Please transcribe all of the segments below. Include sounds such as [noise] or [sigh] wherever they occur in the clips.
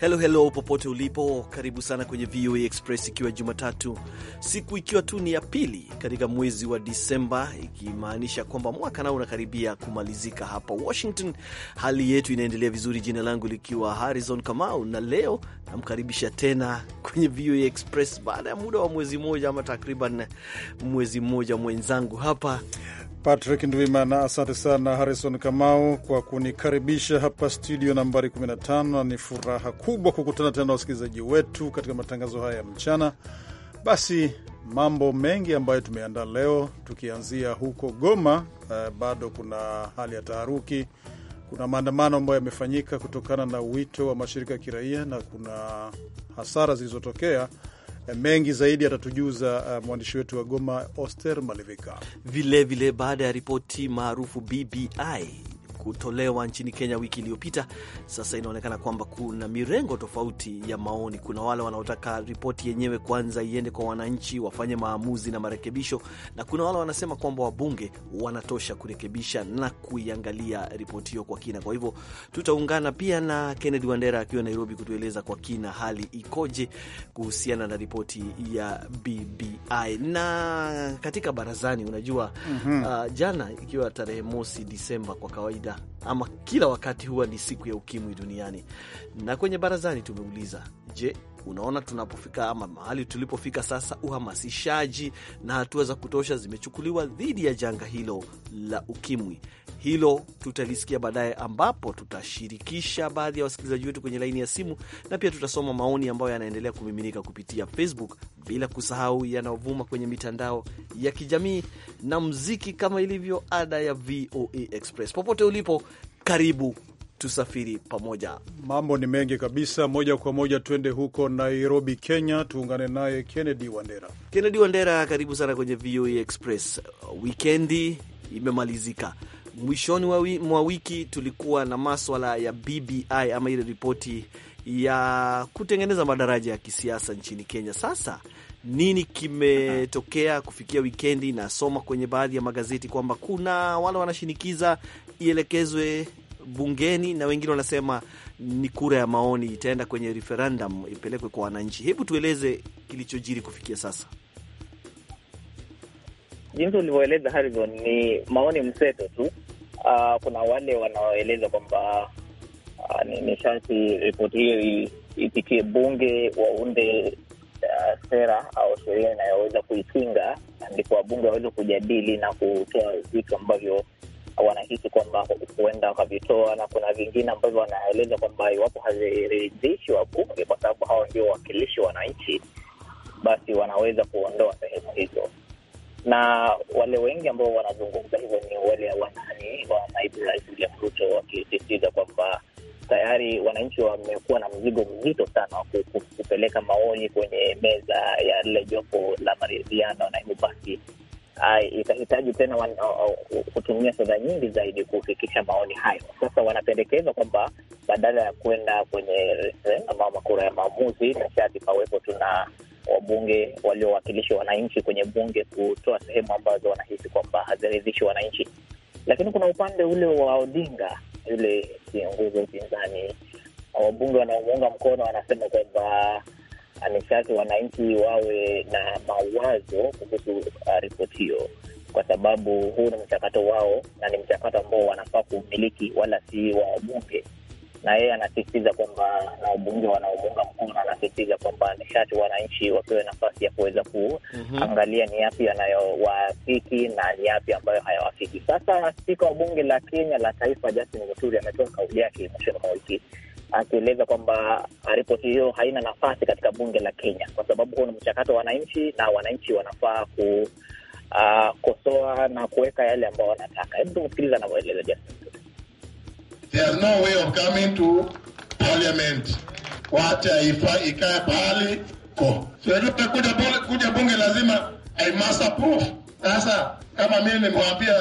Helo helo, popote ulipo, karibu sana kwenye VOA Express, ikiwa Jumatatu siku ikiwa tu ni ya pili katika mwezi wa Disemba, ikimaanisha kwamba mwaka nao unakaribia kumalizika. Hapa Washington hali yetu inaendelea vizuri, jina langu likiwa Harrison Kamau, na leo namkaribisha tena kwenye VOA Express baada ya muda wa mwezi mmoja ama takriban mwezi mmoja mwenzangu hapa Patrick Ndwimana. Asante sana Harrison Kamau kwa kunikaribisha hapa studio nambari 15. Ni furaha kubwa kukutana tena na wasikilizaji wetu katika matangazo haya ya mchana. Basi mambo mengi ambayo tumeandaa leo, tukianzia huko Goma. Eh, bado kuna hali ya taharuki, kuna maandamano ambayo yamefanyika kutokana na wito wa mashirika ya kiraia na kuna hasara zilizotokea mengi zaidi atatujuza uh, mwandishi wetu wa Goma, Oster Malivika. Vilevile, baada ya ripoti maarufu BBI kutolewa nchini Kenya wiki iliyopita. Sasa inaonekana kwamba kuna mirengo tofauti ya maoni. Kuna wale wanaotaka ripoti yenyewe kwanza iende kwa wananchi wafanye maamuzi na marekebisho, na kuna wale wanasema kwamba wabunge wanatosha kurekebisha na kuiangalia ripoti hiyo kwa kina. Kwa hivyo tutaungana pia na Kennedy Wandera akiwa Nairobi kutueleza kwa kina hali ikoje kuhusiana na ripoti ya BBI na katika barazani, unajua mm -hmm. Uh, jana ikiwa tarehe mosi Disemba, kwa kawaida ama kila wakati huwa ni siku ya ukimwi duniani, na kwenye barazani tumeuliza, je, Unaona tunapofika ama mahali tulipofika sasa, uhamasishaji na hatua za kutosha zimechukuliwa dhidi ya janga hilo la ukimwi. Hilo tutalisikia baadaye, ambapo tutashirikisha baadhi ya wasikilizaji wetu kwenye laini ya simu na pia tutasoma maoni ambayo yanaendelea kumiminika kupitia Facebook, bila kusahau yanayovuma kwenye mitandao ya kijamii na mziki, kama ilivyo ada ya VOA Express. Popote ulipo, karibu tusafiri pamoja. Mambo ni mengi kabisa, moja kwa moja tuende huko Nairobi, Kenya, tuungane naye Kennedy Wandera. Kennedy Wandera, karibu sana kwenye VOA e Express. Wikendi imemalizika mwishoni mwa wiki tulikuwa na maswala ya BBI ama ile ripoti ya kutengeneza madaraja ya kisiasa nchini Kenya. Sasa nini kimetokea kufikia wikendi? Nasoma kwenye baadhi ya magazeti kwamba kuna wale wanashinikiza ielekezwe bungeni na wengine wanasema ni kura ya maoni, itaenda kwenye referendum ipelekwe kwa wananchi. Hebu tueleze kilichojiri kufikia sasa. Jinsi ulivyoeleza Harrison, ni maoni mseto tu. Uh, kuna wale wanaoeleza kwamba uh, ni nishati ripoti hiyo ipitie bunge, waunde uh, sera au sheria inayoweza kuipinga, ndipo wabunge waweze kujadili na kutoa vitu ambavyo wanahisi kwamba huenda wakavitoa, na kuna vingine ambavyo wanaeleza kwamba iwapo haziridhishi wabunge, kwa sababu hawa ndio wawakilishi wananchi, basi wanaweza kuondoa sehemu hizo. Na wale wengi ambao wanazungumza hivyo ni wale wanani wa naibu rais William Ruto, wakisisitiza kwamba tayari wananchi wamekuwa na mzigo mzito sana wa kupeleka maoni kwenye meza ya lile jopo la maridhiano, na hivyo basi uh, itahitaji tena wan, uh, uh, kutumia fedha nyingi zaidi kufikisha maoni hayo. Sasa wanapendekeza kwamba badala ya kwenda kwenye referendum ama makura ya maamuzi, na shati pawepo tuna wabunge waliowakilisha wananchi kwenye bunge kutoa sehemu ambazo wanahisi kwamba haziridhishi wananchi. Lakini kuna upande ule wa Odinga, yule kiongozi wa upinzani, wabunge wanaomuunga mkono wanasema kwamba ameshtaki wananchi wawe na mawazo kuhusu uh, ripoti hiyo, kwa sababu huu ni mchakato wao na ni mchakato ambao wanafaa kuumiliki, wala si wa wabunge. Na yeye anasisitiza kwamba na wabunge wanaomuunga mkono, anasisitiza kwamba nishati wananchi wapewe nafasi ya kuweza kuangalia mhm. mm -hmm. ni yapi yanayowafiki na ni yapi ambayo hayawafiki. Sasa spika wa bunge la Kenya la Taifa Justin Muturi ametoa kauli yake mwishoni mwa wiki akieleza kwamba ripoti hiyo haina nafasi katika bunge la Kenya kwa sababu huo ni mchakato wa wananchi na wananchi wanafaa ku uh, ah, kosoa na kuweka yale ambayo wanataka. Hebu tumsikiliza anavyoeleza Justin. no way of coming to parliament. Wacha ifa ikae ko. Oh. kuja kuja bunge lazima I must approve. Sasa kama mimi nimwambia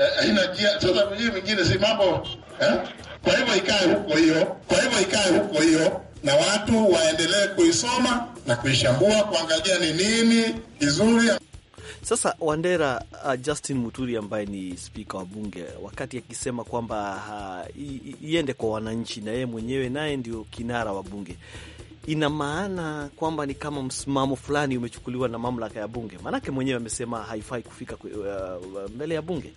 eh, haina njia sasa mingine si mambo eh? Kwa hivyo ikae huko hiyo, kwa hivyo ikae huko hiyo, na watu waendelee kuisoma na kuishambua, kuangalia ni nini kizuri. Sasa Wandera, uh, Justin Muturi ambaye ni spika wa bunge, wakati akisema kwamba uh, iende kwa wananchi na yeye mwenyewe naye ndio kinara wa bunge, ina maana kwamba ni kama msimamo fulani umechukuliwa na mamlaka ya bunge, maanake mwenyewe amesema haifai kufika uh, mbele ya bunge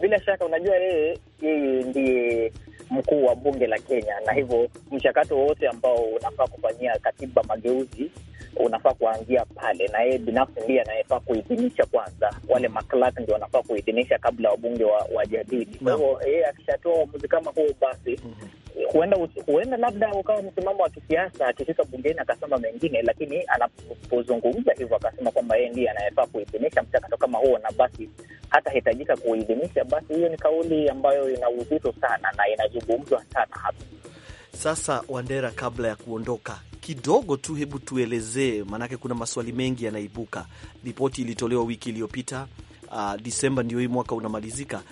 bila shaka unajua yeye yeye ndiye mkuu wa bunge la Kenya, na hivyo mchakato wote ambao unafaa kufanyia katiba mageuzi unafaa kuanzia pale, na yeye binafsi ndiye anayefaa kuidhinisha kwanza. Wale maklak ndio wanafaa kuidhinisha kabla wabunge wajadili. Kwa hivyo yeye akishatoa uamuzi kama huo, basi mhm. huenda huenda labda ukawa msimamo wa kisiasa, akifika bungeni akasema mengine, lakini anapozungumza hivyo akasema kwamba yeye ndiye anayefaa kuidhinisha mchakato kama huo, na basi hatahitajika kuidhinisha, basi hiyo ni kauli ambayo ina uzito sana na inazungumzwa sana hapa. Sasa Wandera, kabla ya kuondoka kidogo tu, hebu tuelezee, maanake kuna maswali mengi yanaibuka. Ripoti ilitolewa wiki iliyopita uh, Disemba ndio hii, mwaka unamalizika.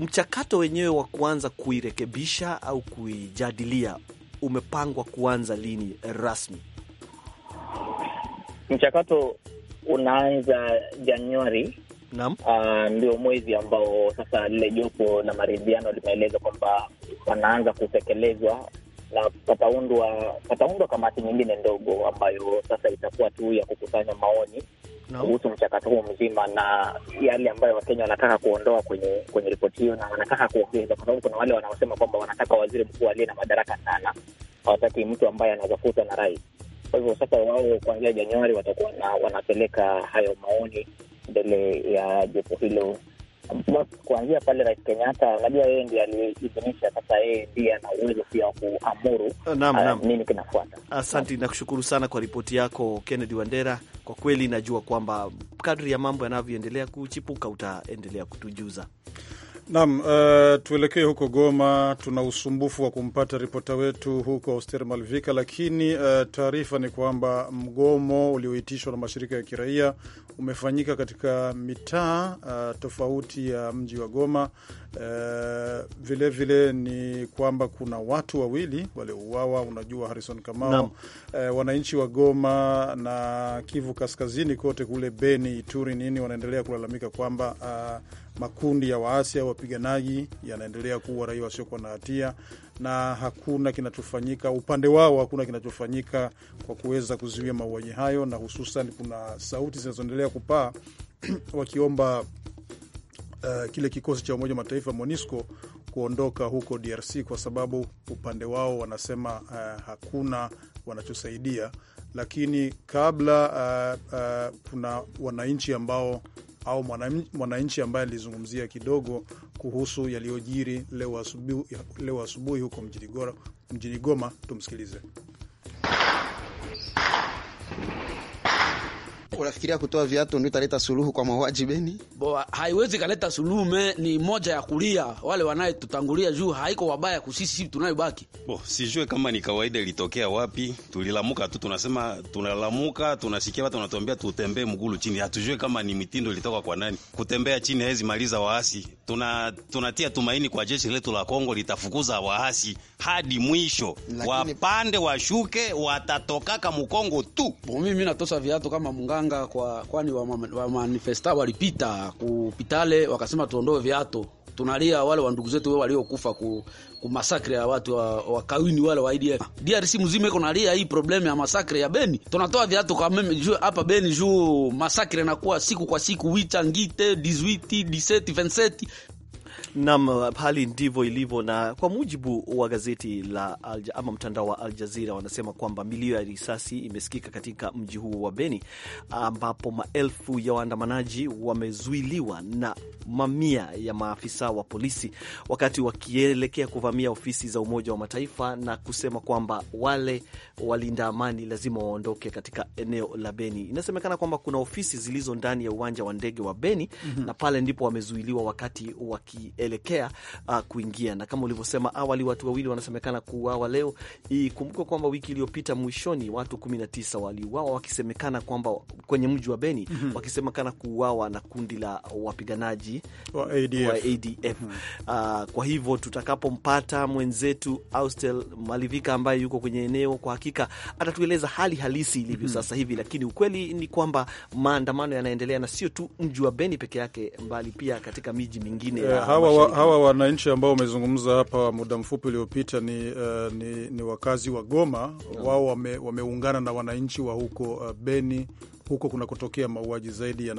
Mchakato wenyewe wa kuanza kuirekebisha au kuijadilia umepangwa kuanza lini rasmi? Mchakato unaanza Januari Uh, ndio mwezi ambao sasa lile jopo la maridhiano limeeleza kwamba wanaanza kutekelezwa na pataundwa kamati nyingine ndogo ambayo sasa itakuwa tu ya kukusanya maoni kuhusu mchakato huu mzima na yale ambayo Wakenya wanataka kuondoa kwenye kwenye ripoti hiyo, na wanataka kuongeza, kwa sababu kuna wale wanaosema kwamba wanataka waziri mkuu aliye na madaraka sana, hawataki mtu ambaye anaweza futwa na rais. Kwa hivyo sasa wao kuanzia Januari watakuwa wanapeleka hayo maoni mbele ya jopo hilo kuanzia pale Rais Kenyatta, unajua yeye ndiye aliyeidhinisha. Sasa yeye ndiye ana uwezo pia wa kuamuru ah, nini kinafuata. Asante, kushukuru sana kwa ripoti yako Kennedy Wandera. Kwa kweli najua kwamba kadri ya mambo yanavyoendelea kuchipuka utaendelea kutujuza. Naam, uh, tuelekee huko Goma. Tuna usumbufu wa kumpata ripota wetu huko auster Malvika, lakini uh, taarifa ni kwamba mgomo ulioitishwa na mashirika ya kiraia umefanyika katika mitaa uh, tofauti ya mji wa Goma. Vilevile uh, vile ni kwamba kuna watu wawili waliouawa, unajua Harrison Kamau. Uh, wananchi wa Goma na Kivu Kaskazini kote kule Beni, Ituri nini wanaendelea kulalamika kwamba uh, makundi ya waasi au wapiganaji yanaendelea kuua raia wasiokuwa na hatia, na hakuna kinachofanyika upande wao, hakuna kinachofanyika kwa kuweza kuzuia mauaji hayo, na hususan kuna sauti zinazoendelea kupaa [clears throat] wakiomba uh, kile kikosi cha Umoja wa Mataifa MONUSCO kuondoka huko DRC kwa sababu upande wao wanasema uh, hakuna wanachosaidia. Lakini kabla uh, uh, kuna wananchi ambao au mwananchi ambaye alizungumzia kidogo kuhusu yaliyojiri leo asubuhi, leo asubuhi huko mjini Goma. Tumsikilize. Unafikiria kutoa viatu ndio italeta suluhu kwa mauaji Beni? Bo, haiwezi kaleta suluhu me, ni moja ya kulia wale wanayetutangulia juu haiko wabaya kusisi sisi tunayobaki. Bo, sijue kama ni kawaida ilitokea wapi. Tulilamuka tu tunasema tunalamuka, tunasikia watu wanatuambia tutembee mgulu chini. Hatujue kama ni mitindo ilitoka kwa nani. Kutembea chini haizi maliza waasi. Tuna tunatia tumaini kwa jeshi letu la Kongo litafukuza waasi hadi mwisho. Lakini... wapande washuke watatokaka mukongo tu. Bo, mimi natosa viatu kama munga Katanga, kwa kwani wa manifesta walipita kupitale, wakasema tuondoe viato tunalia wale wa ndugu zetu waliokufa ku, ku masakre ya watu wa, wa kawini wale wa IDF. DRC mzima iko nalia hii problem ya masakre ya Beni. Tunatoa viatu kwa meme juu hapa Beni juu masakre nakuwa siku kwa siku, wicha ngite 18 17 27 Nam, hali ndivyo ilivyo, na kwa mujibu wa gazeti la Alja, ama mtandao wa Al Jazira wanasema kwamba milio ya risasi imesikika katika mji huo wa Beni ambapo maelfu ya waandamanaji wamezuiliwa na mamia ya maafisa wa polisi wakati wakielekea kuvamia ofisi za Umoja wa Mataifa na kusema kwamba wale walinda amani lazima waondoke katika eneo la Beni. Inasemekana kwamba kuna ofisi zilizo ndani ya uwanja wa ndege wa Beni mm -hmm. na pale ndipo wamezuiliwa wakati waki inaelekea uh, kuingia. Na kama ulivyosema awali, watu wawili wanasemekana kuuawa leo. Ikumbuke kwamba wiki iliyopita mwishoni watu 19 waliuawa wakisemekana kwamba kwenye mji wa Beni mm -hmm. wakisemekana kuuawa na kundi la wapiganaji wa ADF, wa ADF. Mm -hmm. uh, kwa hivyo tutakapompata mwenzetu Austel Malivika ambaye yuko kwenye eneo, kwa hakika atatueleza hali halisi ilivyo mm -hmm. sasa hivi, lakini ukweli ni kwamba maandamano yanaendelea na sio tu mji wa Beni peke yake, mbali pia katika miji mingine yeah, hawa, wananchi ambao wamezungumza hapa muda mfupi uliopita ni, uh, ni, ni wakazi wa Goma no. Wao wame, wameungana na wananchi wa huko uh, Beni huko kuna kutokea mauaji zaidi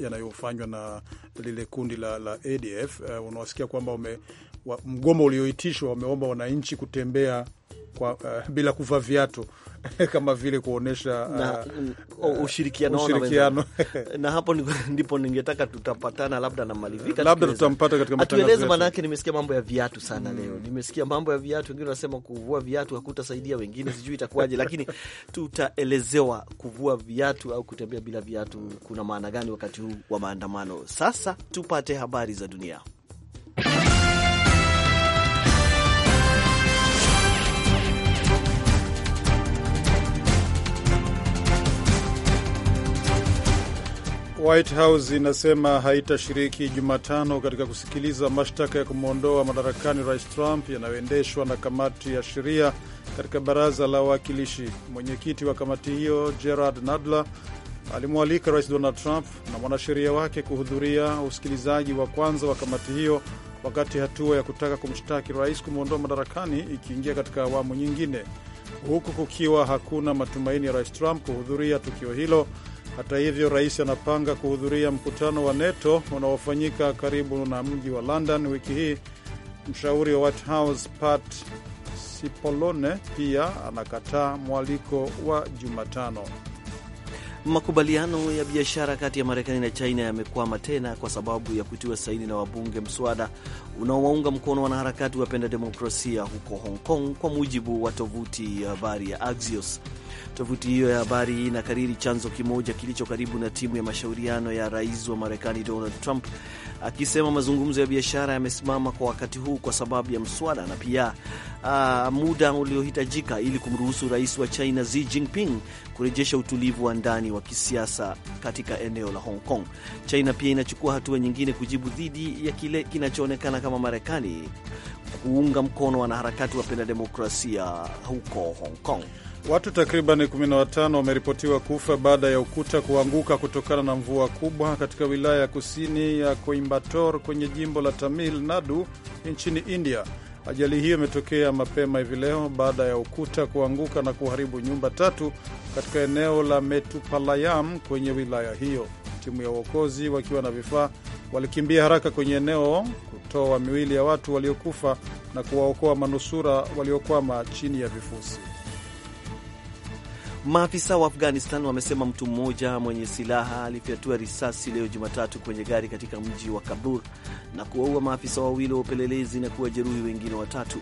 yanayofanywa na lile kundi la, la ADF. Uh, eh, unawasikia kwamba wa, mgomo ulioitishwa wameomba wananchi kutembea kwa, uh, bila kuvaa viatu [laughs] kama vile kuonyesha ah, mm, uh, ushirikiano ah, ushirikiano na hapo [laughs] ndipo ningetaka tutapatana, labda na Malivika, labda tutampata katika matangazo, atueleze manake. Nimesikia mambo ya viatu sana mm. Leo nimesikia mambo ya viatu, wengine wanasema kuvua viatu hakutasaidia, wengine sijui itakuwaje, lakini [laughs] tutaelezewa kuvua viatu au kutembea bila viatu kuna maana gani wakati huu wa maandamano. Sasa tupate habari za dunia. White House inasema haitashiriki Jumatano katika kusikiliza mashtaka ya kumwondoa madarakani rais Trump yanayoendeshwa na kamati ya sheria katika baraza la wawakilishi. Mwenyekiti wa kamati hiyo Gerard Nadler alimwalika rais Donald Trump na mwanasheria wake kuhudhuria usikilizaji wa kwanza wa kamati hiyo, wakati hatua ya kutaka kumshtaki rais kumwondoa madarakani ikiingia katika awamu nyingine, huku kukiwa hakuna matumaini ya rais Trump kuhudhuria tukio hilo hata hivyo, rais anapanga kuhudhuria mkutano wa NATO unaofanyika karibu na mji wa London wiki hii. Mshauri wa White House Pat Cipollone pia anakataa mwaliko wa Jumatano. Makubaliano ya biashara kati ya Marekani na China yamekwama tena kwa sababu ya kutiwa saini na wabunge mswada unaowaunga mkono wanaharakati wapenda demokrasia huko Hong Kong, kwa mujibu wa tovuti ya habari ya Axios. Tovuti hiyo ya habari inakariri chanzo kimoja kilicho karibu na timu ya mashauriano ya rais wa Marekani Donald Trump akisema mazungumzo ya biashara yamesimama kwa wakati huu kwa sababu ya mswada na pia uh, muda uliohitajika ili kumruhusu rais wa China Xi Jinping kurejesha utulivu wa ndani wa kisiasa katika eneo la Hong Kong. China pia inachukua hatua nyingine kujibu dhidi ya kile kinachoonekana kama Marekani kuunga mkono wanaharakati wapenda demokrasia huko Hong Kong. Watu takribani 15 wameripotiwa kufa baada ya ukuta kuanguka kutokana na mvua kubwa katika wilaya ya kusini ya Coimbatore kwenye jimbo la Tamil Nadu nchini India. Ajali hiyo imetokea mapema hivi leo baada ya ukuta kuanguka na kuharibu nyumba tatu katika eneo la Metupalayam kwenye wilaya hiyo. Timu ya uokozi wakiwa na vifaa walikimbia haraka kwenye eneo kutoa miili ya watu waliokufa na kuwaokoa manusura waliokwama chini ya vifusi. Maafisa wa Afghanistan wamesema mtu mmoja mwenye silaha alifyatua risasi leo Jumatatu kwenye gari katika mji wa Kabul na kuwaua maafisa wawili wa upelelezi na kuwajeruhi wengine watatu.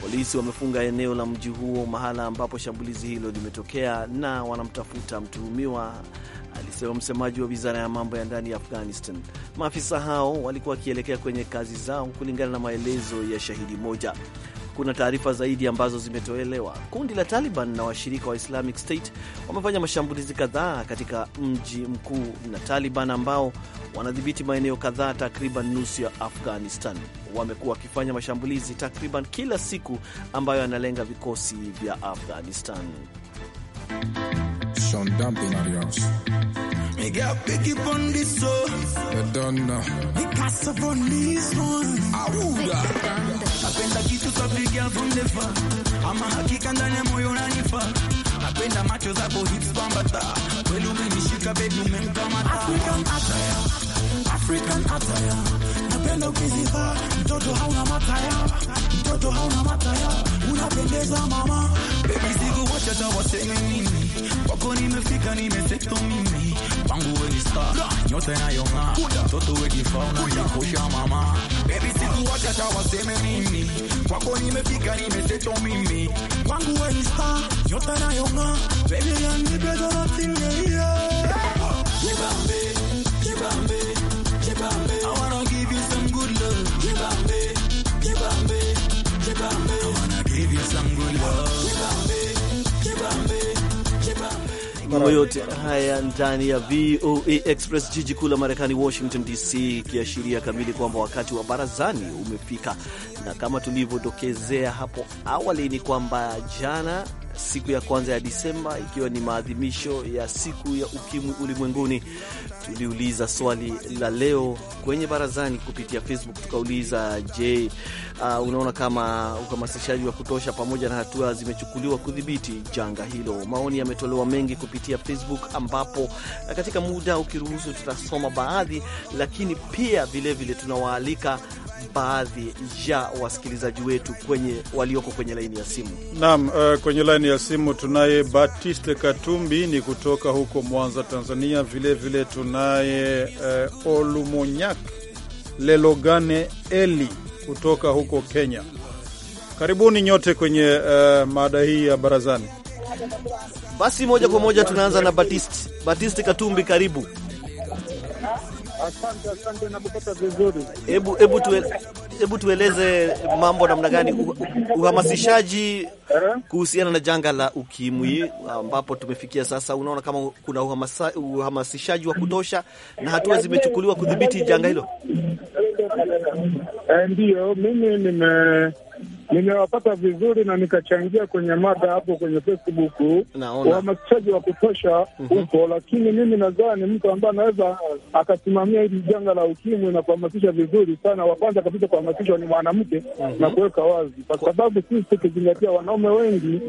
Polisi wamefunga eneo la mji huo, mahala ambapo shambulizi hilo limetokea, na wanamtafuta mtuhumiwa, alisema msemaji wa wizara ya mambo ya ndani ya Afghanistan. Maafisa hao walikuwa wakielekea kwenye kazi zao, kulingana na maelezo ya shahidi moja. Kuna taarifa zaidi ambazo zimetolewa. Kundi la Taliban na washirika wa Islamic State wamefanya mashambulizi kadhaa katika mji mkuu na Taliban ambao wanadhibiti maeneo kadhaa takriban nusu ya Afghanistan wamekuwa wakifanya mashambulizi takriban kila siku ambayo yanalenga vikosi vya Afghanistan. Napenda kitu safi girl from the Ama hakika ndani ya moyo unanifa. Napenda macho zako hips pambata. Kweli umenishika baby umenikamata. African attire. African attire. Napenda ukiziva mtoto hauna mataya. Mtoto hauna mataya. Unapendeza mama. Baby siku wacha tawaseme nini. Wako nimefika nimeseto mimi. Bangu we star Nyote na yonga Toto wey we kifauna Nikosha mama Baby siku wacha tawaseme mimi Kwako nimefika nimeseto mimi Bangu we star Nyote na yonga Baby ya nipe Dorothy Jibambe Jibambe Jibambe I wanna give you some good love Jibambe Jibambe Jibambe I wanna give you some good love mambo yote haya ndani ya VOA Express, jiji kuu la Marekani, Washington DC, ikiashiria kamili kwamba wakati wa barazani umefika, na kama tulivyodokezea hapo awali ni kwamba jana siku ya kwanza ya Disemba, ikiwa ni maadhimisho ya siku ya ukimwi ulimwenguni. Tuliuliza swali la leo kwenye barazani kupitia Facebook, tukauliza je, uh, unaona kama uhamasishaji wa kutosha pamoja na hatua zimechukuliwa kudhibiti janga hilo? Maoni yametolewa mengi kupitia Facebook, ambapo uh, katika muda ukiruhusu tutasoma baadhi, lakini pia vilevile tunawaalika baadhi ya wasikilizaji wetu kwenye walioko kwenye laini ya simu. Naam, uh, kwenye laini ya simu tunaye Batiste Katumbi ni kutoka huko Mwanza, Tanzania. Vilevile tunaye uh, eh, Olumonyak Lelogane Eli kutoka huko Kenya. Karibuni nyote kwenye uh, mada hii ya barazani. Basi moja kwa moja tunaanza na Batiste. Batiste Katumbi, karibu. Asante, asante, nakupata vizuri. Hebu hebu tuwe, hebu tueleze mambo namna gani uhamasishaji eh? kuhusiana na janga la ukimwi ambapo tumefikia sasa. Unaona kama kuna uhamasa, uhamasishaji wa kutosha na hatua zimechukuliwa kudhibiti janga hilo? Eh, Ndiyo, mimi nime nimewapata vizuri na nikachangia kwenye mada hapo kwenye Facebook, uhamasishaji wa kutosha mhm. huko, lakini mimi nadhani mtu ambaye anaweza akasimamia hili janga la ukimwi na kuhamasisha vizuri sana, wa kwanza kabisa kuhamasishwa ni mwanamke mhm. na kuweka wazi, kwa sababu sisi tukizingatia wanaume wengi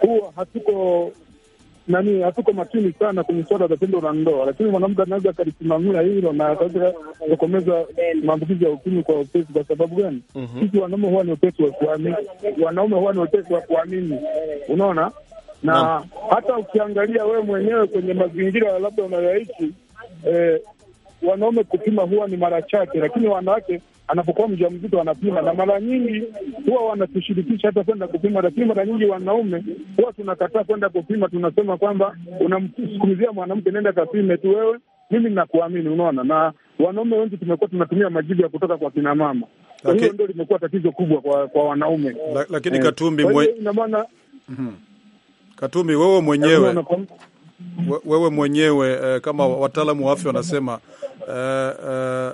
huwa hatuko nani hatuko makini sana kwenye swala la tendo la ndoa, lakini mwanamke anaweza akalisimamia hilo na akaweza kutokomeza maambukizi ya ukimwi kwa upesi. Kwa sababu gani? Mhm. Sisi wanaume huwa ni upesi wa kuamini, wanaume huwa ni upesi wa kuamini, unaona na no. hata ukiangalia wewe mwenyewe kwenye mazingira labda unayoishi eh, wanaume kupima huwa ni mara chache, lakini wanawake anapokuwa mja mzito anapima, na mara nyingi huwa wanatushirikisha hata kwenda kupima, lakini mara nyingi wanaume huwa tunakataa kwenda kupima. Tunasema kwamba unamsukumizia mwanamke, nenda kapime tu wewe, mimi nakuamini. Unaona, na wanaume wengi tumekuwa tunatumia majibu ya kutoka kwa kina mama. Hiyo ndio limekuwa tatizo kubwa kwa, kwa wanaume. La, lakini eh, Katumbi mwe... ina maana mm -hmm. Katumbi wewe mwenyewe wewe mwenyewe eh, kama wataalamu wa afya wanasema eh, eh,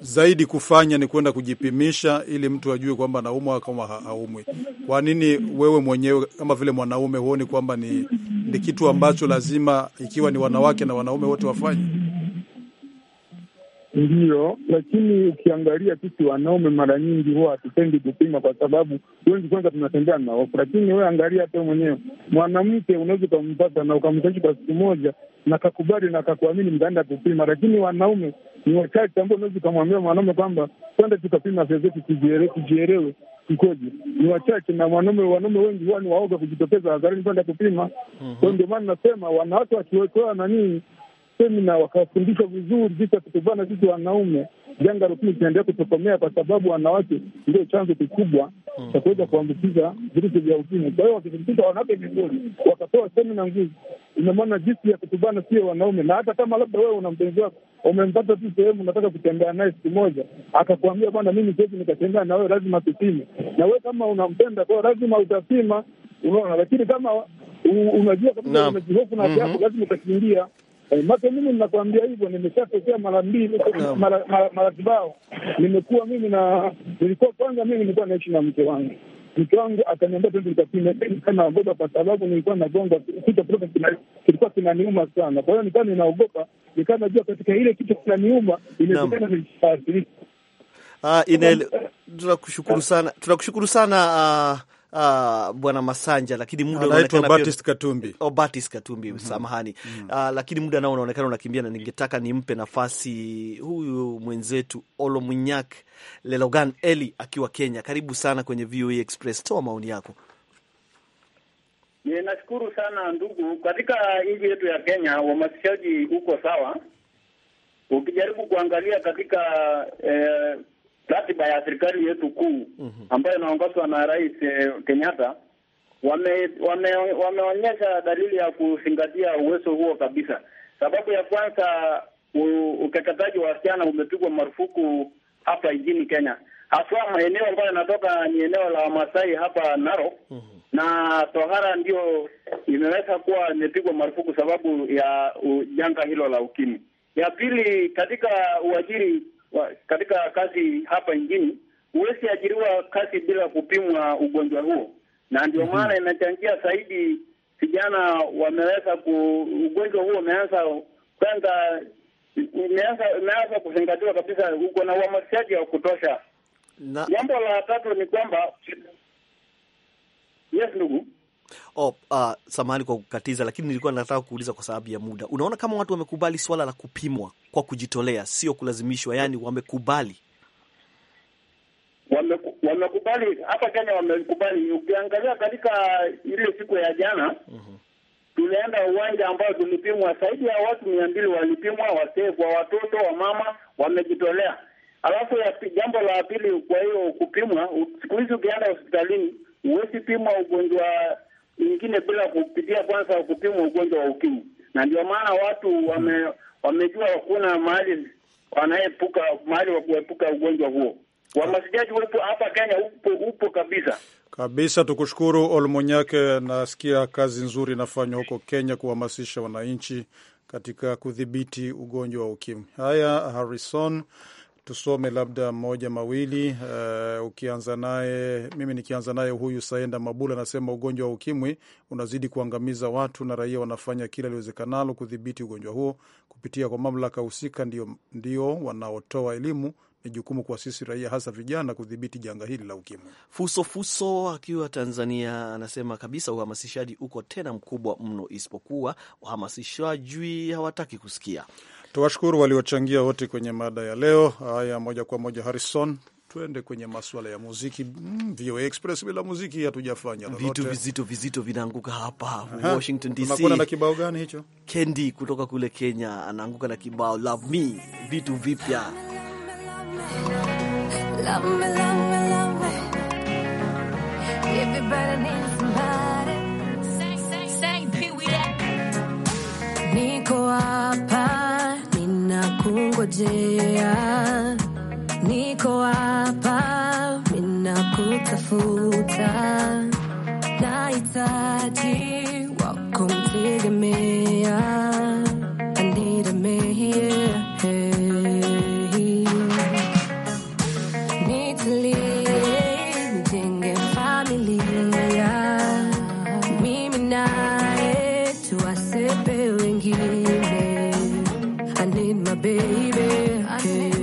zaidi kufanya ni kwenda kujipimisha, ili mtu ajue kwamba anaumwa kama haumwi. Kwa nini wewe mwenyewe kama vile mwanaume huoni kwamba ni, ni kitu ambacho lazima, ikiwa ni wanawake na wanaume wote wafanye? ndio lakini ukiangalia sisi wanaume mara nyingi huwa hatupendi kupima, kwa sababu wengi kwanza tunatembea na hofu. Lakini we angalia hata mwenyewe mwanamke, unaweza ukampata na ukamshawishi kwa siku moja na kakubali na kakuamini, mkaenda kupima. Lakini wanaume ni wachache ambao unaweza ukamwambia mwanaume kwamba kwenda tukapima afya zetu, tujielewe ikoje. Ni wachache, na wanaume wanaume wengi huwa ni waoga kujitokeza hadharani kwenda kupima. Mhm. Kwa hiyo ndio maana nasema wanawake wakiwekewa nanii semina wakafundishwa vizuri jinsi ya kutubana sisi wanaume. Janga la ukimwi tunaendelea kutokomea kwa sababu wanawake ndio chanzo kikubwa hmm. cha kuweza kuambukiza virusi vya ukimwi. Kwa hiyo wakifundisha wanawake vizuri, wakapewa semina nguzi, inamaana jinsi ya kutubana sio wanaume. Na hata kama labda wewe una mpenzi wako umempata tu sehemu, unataka kutembea naye siku moja, akakuambia bwana, mimi siwezi nikatembea na wewe, lazima tupime. Na wewe kama unampenda kwao, lazima utapima, unaona. Lakini kama unajua kabisa umejihofu na afya mhm. lazima utakimbia Eh, Make mimi ninakwambia hivyo, nimeshatokea mara mbili mara kibao. Nimekuwa mimi na nilikuwa kwanza, mimi nilikuwa naishi na mke wangu, mke wangu akaniambia tu nikapime, nilikuwa naogopa kwa sababu nilikuwa nagonga kichwa, kilikuwa kinaniuma sana. Kwa hiyo nilikuwa ninaogopa, nikawa najua katika ile kichwa kinaniuma, inawezekana ah, inaele Tunakushukuru sana, tunakushukuru sana. Ah, uh, bwana Masanja, lakini muda unaonekana Batist Katumbi, oh, Katumbi mm -hmm. Samahani mm -hmm. uh, lakini muda nao unaonekana unakimbia, na ningetaka nimpe nafasi huyu mwenzetu Olomunyak Lelogan Eli akiwa Kenya. Karibu sana kwenye VOA e Express, toa maoni yako. Ninashukuru sana ndugu. Katika nchi yetu ya Kenya uhamasishaji uko sawa, ukijaribu kuangalia katika eh, ratiba ya serikali yetu kuu mm -hmm. ambayo inaongozwa na Rais eh, Kenyatta wameonyesha wame, wame dalili ya kuzingatia uwezo huo kabisa. Sababu ya kwanza, ukeketaji wa wasichana umepigwa marufuku hapa nchini Kenya, haswa maeneo ambayo yanatoka ni eneo la Wamasai hapa Narok mm -hmm. na tohara ndio imeweza kuwa imepigwa marufuku sababu ya janga hilo la ukimwi. Ya pili, katika uajiri wa, katika kazi hapa nchini huwezi ajiriwa kazi bila kupimwa ugonjwa huo, na ndio mhm. maana mm -hmm. inachangia zaidi vijana wameweza ku ugonjwa huo umeanza kwanza imeanza kuzingatiwa kabisa, uko na uhamasishaji wa kutosha. Jambo la tatu ni kwamba yes, ndugu Oh, uh, samahani kwa kukatiza, lakini nilikuwa nataka kuuliza kwa sababu ya muda. Unaona kama watu wamekubali swala la kupimwa kwa kujitolea, sio kulazimishwa, yani wamekubali wamekubali hapa Kenya wamekubali. Ukiangalia katika ile siku ya jana, mhm. tulienda uwanja ambao tulipimwa, zaidi ya watu mia mbili walipimwa, wasee kwa watoto wa mama wamejitolea. Alafu jambo la pili, kwa hiyo kupimwa, siku hizi ukienda hospitalini huwezi pimwa ugonjwa nyingine bila kupitia kwanza kupimwa ugonjwa wa ukimwi, na ndio maana watu wame, wamejua hakuna mahali wanaepuka mahali wa kuepuka ugonjwa huo. Uhamasishaji wepo hapa Kenya upo, upo kabisa kabisa. Tukushukuru Olmonyake, nasikia kazi nzuri inafanywa huko Kenya kuhamasisha wananchi katika kudhibiti ugonjwa wa ukimwi. Haya, Harrison tusome labda moja mawili. Uh, ukianza naye, mimi nikianza naye huyu Saenda Mabula anasema ugonjwa wa ukimwi unazidi kuangamiza watu na raia wanafanya kila liwezekanalo kudhibiti ugonjwa huo kupitia kwa mamlaka husika, ndio, ndio wanaotoa elimu ni jukumu kwa sisi raia hasa vijana kudhibiti janga hili la ukimwi. Fuso Fuso akiwa Tanzania anasema kabisa, uhamasishaji uko tena mkubwa mno, isipokuwa wahamasishaji hawataki kusikia. Tuwashukuru waliochangia wote kwenye mada ya leo. Haya, moja kwa moja, Harrison, tuende kwenye maswala ya muziki. Mm, VOA Express bila muziki hatujafanya lolote. Vitu vizito vizito vinaanguka hapa Washington DC. Unakuwa na kibao gani hicho? Kendi kutoka kule Kenya anaanguka na kibao Love Me, vitu vipya Niko hapa kungojea, niko hapa, ninakutafuta, nahitaji wako, nitegemea baby.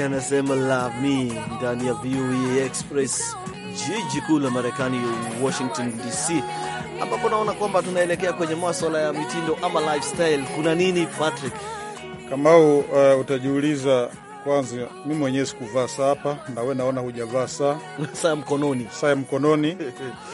anasema love me ndani ya VOA e Express, jiji kuu la Marekani, Washington DC, ambapo naona kwamba tunaelekea kwenye maswala ya mitindo ama lifestyle. Kuna nini Patrick Kamau? Uh, utajiuliza kwanza mi mwenyewe sikuvaa saa hapa, nawe naona hujavaa saa [laughs] saa mkononi, saa ya mkononi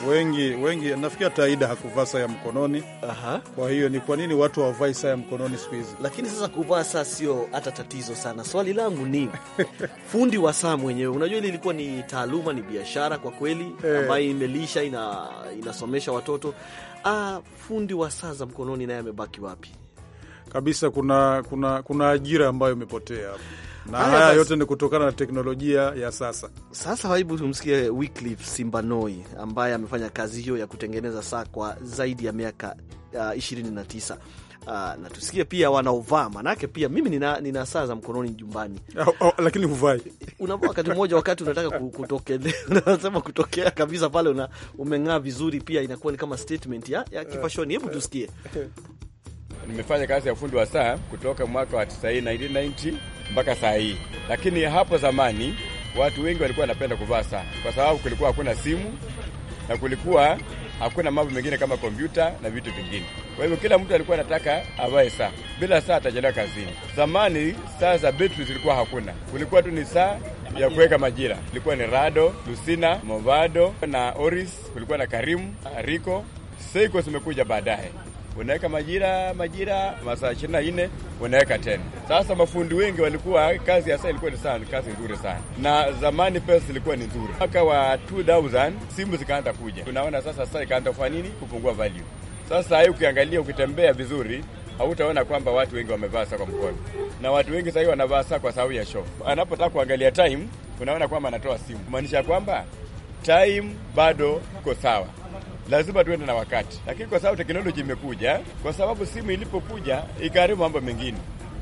wengi wengi, nafikiri hata Aida hakuvaa saa ya mkononi. Aha. Kwa hiyo ni kwa nini watu hawavai saa ya mkononi siku hizi? Lakini sasa kuvaa saa sio hata tatizo sana. Swali langu ni [laughs] fundi wa saa mwenyewe, unajua ile ilikuwa ni taaluma, ni biashara kwa kweli hey, eh. ambayo imelisha ina, inasomesha watoto ah, fundi wa saa za mkononi naye amebaki wapi? Kabisa, kuna, kuna, kuna ajira ambayo imepotea hapo na haya, haya yote ni kutokana na teknolojia ya sasa. Sasa hebu tumsikie Wycliffe Simbanoi ambaye amefanya kazi hiyo ya kutengeneza saa kwa zaidi ya miaka uh, 29. Uh, na tusikie pia wanaovaa, manake pia mimi nina, nina saa za mkononi nyumbani [laughs] oh, oh, lakini huvai. [laughs] Una wakati mmoja, wakati unataka kutokelea, [laughs] unasema kutokea kabisa pale, una umeng'aa vizuri, pia inakuwa ni kama statement ya, ya kifashoni. Hebu tusikie nimefanya kazi ya ufundi wa saa kutoka mwaka wa 1990 mpaka saa hii, lakini hapo zamani watu wengi walikuwa wanapenda kuvaa saa kwa sababu kulikuwa hakuna simu na kulikuwa hakuna mambo mengine kama kompyuta na vitu vingine. Kwa hivyo kila mtu alikuwa anataka avae saa, bila saa atachelewa kazini. Zamani saa za betri zilikuwa hakuna, kulikuwa tu ni saa ya kuweka majira. Kulikuwa ni Rado, Lucina, Movado na Oris, kulikuwa na Karimu, Riko, Seiko zimekuja baadaye unaweka majira majira masaa ishirini na nne unaweka tena. Sasa mafundi wengi walikuwa kazi hasa ilikuwa ni sana kazi nzuri sana, na zamani pesa zilikuwa ni nzuri. Mwaka wa 2000 simu zikaanza kuja, tunaona sasa sasa ikaanza kufanya nini, kupungua value. Sasa hii ukiangalia, ukitembea vizuri hautaona kwamba watu wengi wamevaa saa kwa mkono, na watu wengi sahii wanavaa saa kwa sababu ya show. Anapotaka kuangalia time, unaona kwamba anatoa simu, kumaanisha kwamba time bado iko sawa lazima tuende na wakati, lakini kwa sababu teknoloji imekuja, kwa sababu simu ilipokuja ikaharibu mambo mengine,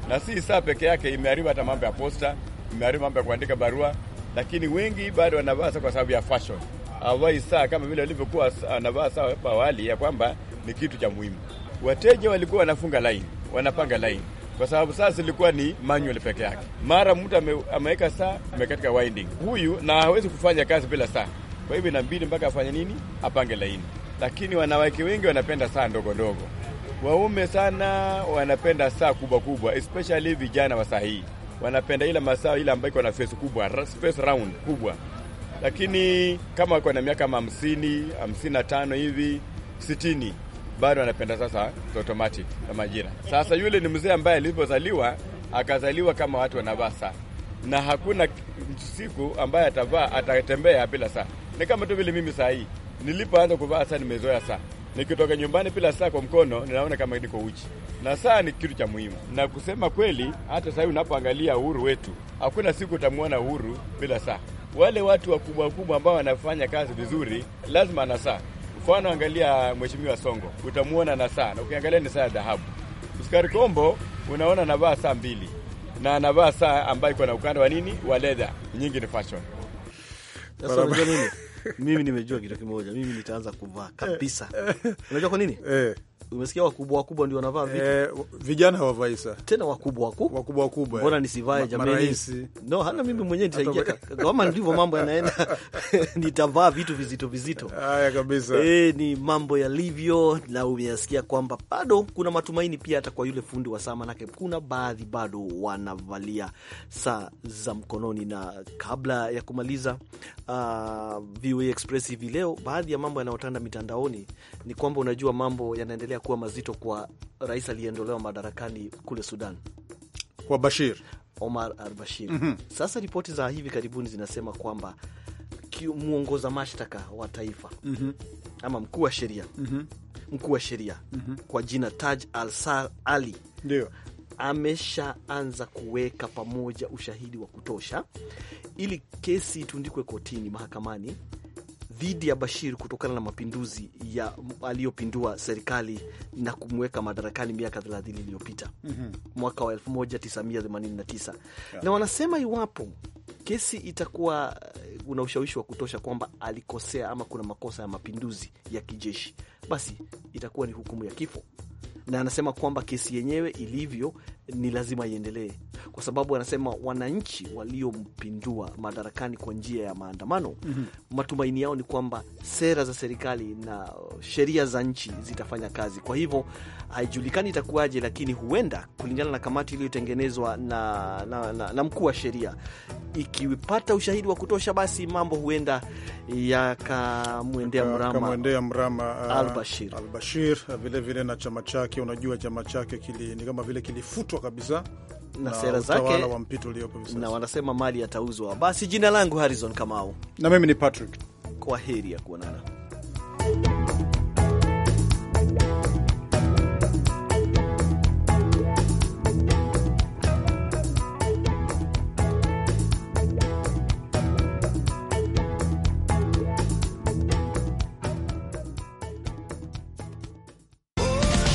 na si saa peke yake, imeharibu hata mambo ya posta, imeharibu mambo ya kuandika barua, lakini wengi bado wanavaa kwa sababu ya fashion, hawavai saa kama vile walivyokuwa ah, wanavaa saa hapo awali, ya kwamba ni kitu cha muhimu. Wateja walikuwa wanafunga laini, wanapanga laini kwa sababu saa zilikuwa ni manual peke yake. Mara mtu ameweka saa amekatika winding, huyu na hawezi kufanya kazi bila saa. Kwa hivyo inabidi mpaka afanye nini, apange laini. Lakini wanawake wengi wanapenda saa ndogo ndogo, waume sana wanapenda saa kubwa kubwa, especially vijana wa saa hii wanapenda ile masaa ile ambayo iko na face kubwa, face round kubwa. Lakini kama wako na miaka hamsini hamsini na tano hivi sitini bado anapenda sasa automatic na majira. Sasa yule ni mzee ambaye alipozaliwa akazaliwa kama watu wanavaa saa, na hakuna siku ambaye atavaa atatembea bila saa. Ni kama tu vile mimi saa hii nilipoanza kuvaa saa, nimezoea saa nikitoka nyumbani bila saa kwa mkono ninaona kama niko uchi, na saa ni kitu cha muhimu. Na kusema kweli, hata sahii unapoangalia uhuru wetu, hakuna siku utamwona uhuru bila saa. Wale watu wakubwa wakubwa ambao wanafanya kazi vizuri lazima na saa. Mfano, angalia Mheshimiwa Songo, utamwona na saa, na ukiangalia ni saa ya dhahabu. Uskari Kombo unaona anavaa saa mbili, na anavaa saa ambayo iko na ukanda wa nini wa leather, nyingi ni fashion [laughs] mimi nimejua kitu kimoja, mimi nitaanza kuvaa kabisa. Eh. Unajua kwa nini? Eh. Umesikia, wakubwa wakubwa ndio wanavaa vitu eh, vijana hawavai saa tena, wakubwa wakubwa wakubwa wakubwa. Mbona nisivae jamani? No, hata mimi mwenyewe nitaingia kama ndivyo mambo yanaenda [laughs] [laughs] nitavaa vitu vizito vizito. Haya kabisa, eh, ni mambo yalivyo, na umeyasikia kwamba bado kuna matumaini pia hata kwa yule fundi wa saa, manake kuna baadhi bado wanavalia saa za mkononi. Na kabla ya kumaliza uh, ah, VOA e Express hivi leo, baadhi ya mambo yanayotanda mitandaoni ni kwamba unajua mambo yanaendelea ya kuwa mazito kwa rais aliyeondolewa madarakani kule Sudan kwa Bashir, Omar al-Bashir. mm -hmm. Sasa ripoti za hivi karibuni zinasema kwamba mwongoza mashtaka wa taifa mm -hmm. ama mkuu wa sheria mm -hmm. mkuu wa sheria mm -hmm. kwa jina Taj al-Sar Ali ndio ameshaanza kuweka pamoja ushahidi wa kutosha ili kesi itundikwe kotini mahakamani dhidi ya Bashir kutokana na mapinduzi ya aliyopindua serikali na kumweka madarakani miaka 30 iliyopita mm -hmm. mwaka wa 1989 yeah. Na wanasema iwapo kesi itakuwa eh, una ushawishi wa kutosha kwamba alikosea ama kuna makosa ya mapinduzi ya kijeshi, basi itakuwa ni hukumu ya kifo na anasema kwamba kesi yenyewe ilivyo ni lazima iendelee, kwa sababu wanasema wananchi waliompindua madarakani kwa njia ya maandamano mm -hmm. matumaini yao ni kwamba sera za serikali na sheria za nchi zitafanya kazi. Kwa hivyo haijulikani itakuwaje, lakini huenda kulingana na kamati iliyotengenezwa na, na, na, na mkuu wa sheria, ikipata ushahidi wa kutosha, basi mambo huenda yakamwendea mrama, mrama uh, Albashir, vilevile na chama chake. Unajua chama chake ni kama vile kilifutwa kutoridhishwa kabisa na sera zake wa mpito uliopo hivi sasa, na wanasema mali yatauzwa. Basi jina langu Harrison Kamau, na mimi ni Patrick. Kwa heri ya kuonana.